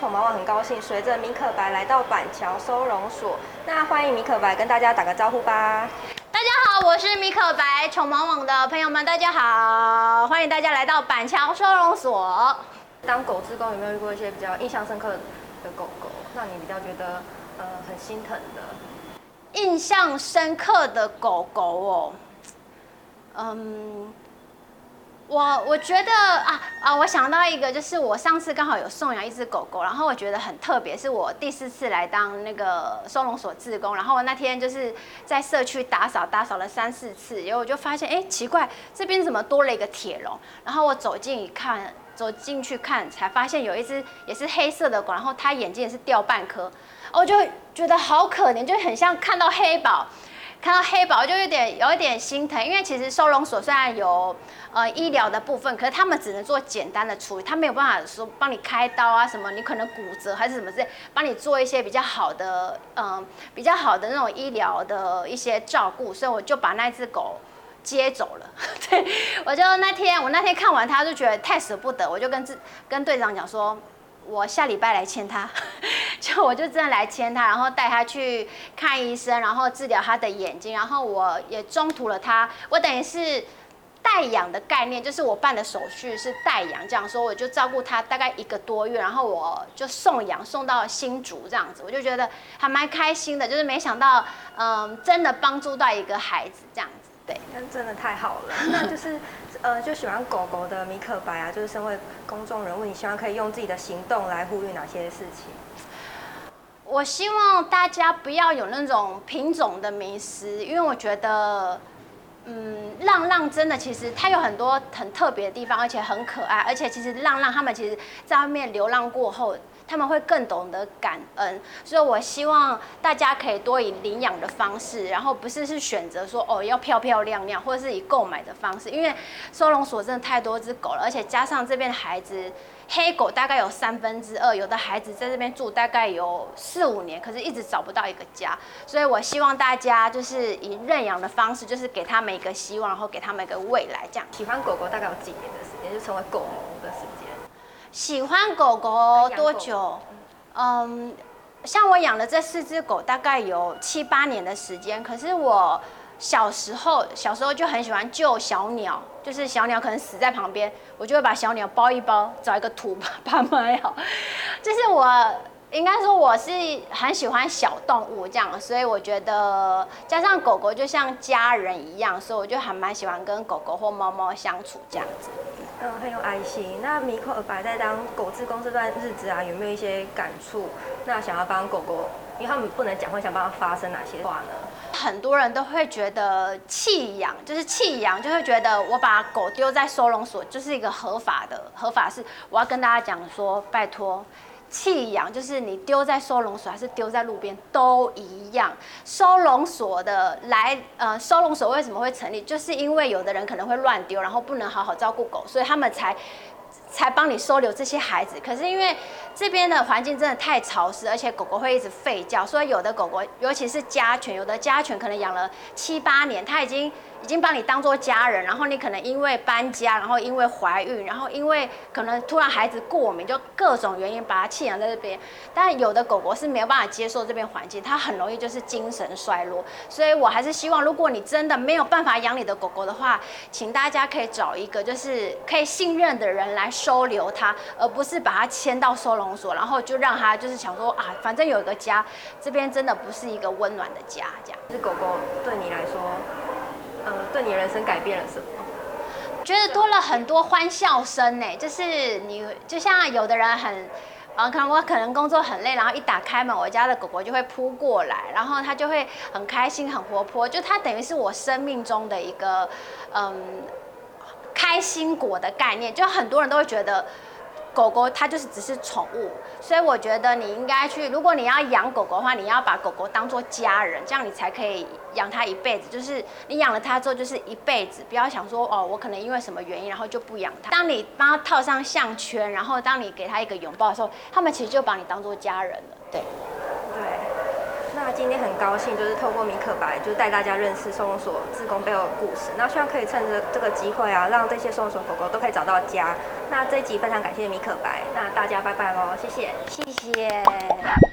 寵毛網很高興，隨着米可白來到板橋收容所，那歡迎米可白跟大家打個招呼吧。大家好，我是米可白，寵毛網的朋友們，大家好，歡迎大家來到板橋收容所。當狗志工有沒有遇過，一些比較印象深刻的狗狗，那你比較覺得呃很心疼的？印象深刻的狗狗哦，嗯。我我覺得啊啊，我想到一個，就是我上次剛好有送養一只狗狗，然後我覺得很特別，是我第四次來當那個收容所志工，然後那天就是在社區打掃，打掃了三四次，然後我就發現，哎，奇怪，這邊怎麼多了一個鐵籠？然後我走近一看，走進去看，才發現有一只也是黑色的狗，然後它眼睛也是掉半顆，我，哦，就覺得好可憐，就很像看到黑寶。看到黑寶就有點有一點心疼，因為其實收容所雖然有呃醫療的部分，可是他們只能做簡單的處理，他沒有辦法說幫你開刀啊什麼，你可能骨折還是什麼之類，幫你做一些比較好的嗯、呃、比較好的那種醫療的一些照顧，所以我就把那隻狗接走了。對，我就那天我那天看完他就覺得太捨不得，我就跟自跟隊長講說，我下禮拜來牽他。就我就真的來牽他，然後帶他去看醫生，然後治療他的眼睛，然後我也中途了他，我等於是代養的概念，就是我辦的手續是代養，這樣說我就照顧他大概一個多月，然後我就送養送到新竹這樣子，我就覺得還蠻開心的，就是沒想到，嗯，真的幫助到一個孩子這樣子，對，那真的太好了。 那就是，呃，就喜歡狗狗的米可白啊，就是身為公眾人物，你希望可以用自己的行動來呼籲哪些事情？我希望大家不要有那種品種的迷思，因為我覺得，嗯，浪浪真的其實它有很多很特別的地方，而且很可愛，而且其實浪浪他們其實在外面流浪過後，他們會更懂得感恩，所以我希望大家可以多以領養的方式，然後不是是選擇說哦要漂漂亮亮，或者是以購買的方式，因為收容所真的太多隻狗了，而且加上這邊的孩子，黑狗大概有三分之二，有的孩子在這邊住大概有四五年，可是一直找不到一個家，所以我希望大家就是以認養的方式，就是給他們一個希望，然後給他們一個未來，這樣。喜歡狗狗大概有幾年的時間，就成為狗奴的時間。喜歡狗狗多久？嗯，像我養了這四隻狗，大概有七八年的時間。可是我小時候，小時候就很喜歡救小鳥，就是小鳥可能死在旁邊，我就會把小鳥包一包，找一個土把它埋好。就是我應該說我是很喜歡小動物這樣，所以我覺得加上狗狗就像家人一樣，所以我就還蠻喜歡跟狗狗或貓貓相處這樣子。嗯，很有愛心。那米可白在當狗志工這段日子啊，有沒有一些感觸？那想要幫狗狗，因為他們不能講話，想幫他發聲哪些話呢？很多人都會覺得棄養就是棄養，就會覺得我把狗丟在收容所就是一個合法的合法事。我要跟大家講說，拜託。棄養就是你丟在收容所還是丟在路邊都一樣。收容所的來，呃，收容所為什麼會成立？就是因為有的人可能會亂丟，然後不能好好照顧狗，所以他們才。才幫你收留這些孩子，可是因為這邊的環境真的太潮濕，而且狗狗會一直吠叫。所以有的狗狗，尤其是家犬，有的家犬可能養了七八年，它已經已經把你當做家人。然後你可能因為搬家，然後因為懷孕，然後因為可能突然孩子過敏，就各種原因把它棄養在這邊。但有的狗狗是沒有辦法接受這邊環境，它很容易就是精神衰弱。所以我還是希望，如果你真的沒有辦法養你的狗狗的話，請大家可以找一個就是可以信任的人來。收留他，而不是把他牽到收容所，然後就讓他。就是想說啊，反正有一個家，這邊真的不是一個溫暖的家。這樣，這狗狗對你來說，嗯、呃，對你人生改變了什麼？覺得多了很多歡笑聲呢，就是你就像有的人很，啊，可能我可能工作很累，然後一打開門，我家的狗狗就會撲過來，然後它就會很開心、很活潑，就它等於是我生命中的一個，嗯。開心果的概念，就很多人都會覺得，狗狗它就是只是寵物，所以我覺得你應該去，如果你要養狗狗的話，你要把狗狗當做家人，這樣你才可以養它一輩子。就是你養了它之後，就是一輩子，不要想說哦，我可能因為什麼原因，然後就不養它。當你幫它套上項圈，然後當你給它一個擁抱的時候，它們其實就把你當做家人了。對，對。那今天很高興，就是透過米可白，就是帶大家認識收容所志工背後的故事。那希望可以趁着這個機會啊，讓這些收容所狗狗都可以找到家。那這一集非常感謝米可白，那大家拜拜咯，謝謝，謝謝。謝謝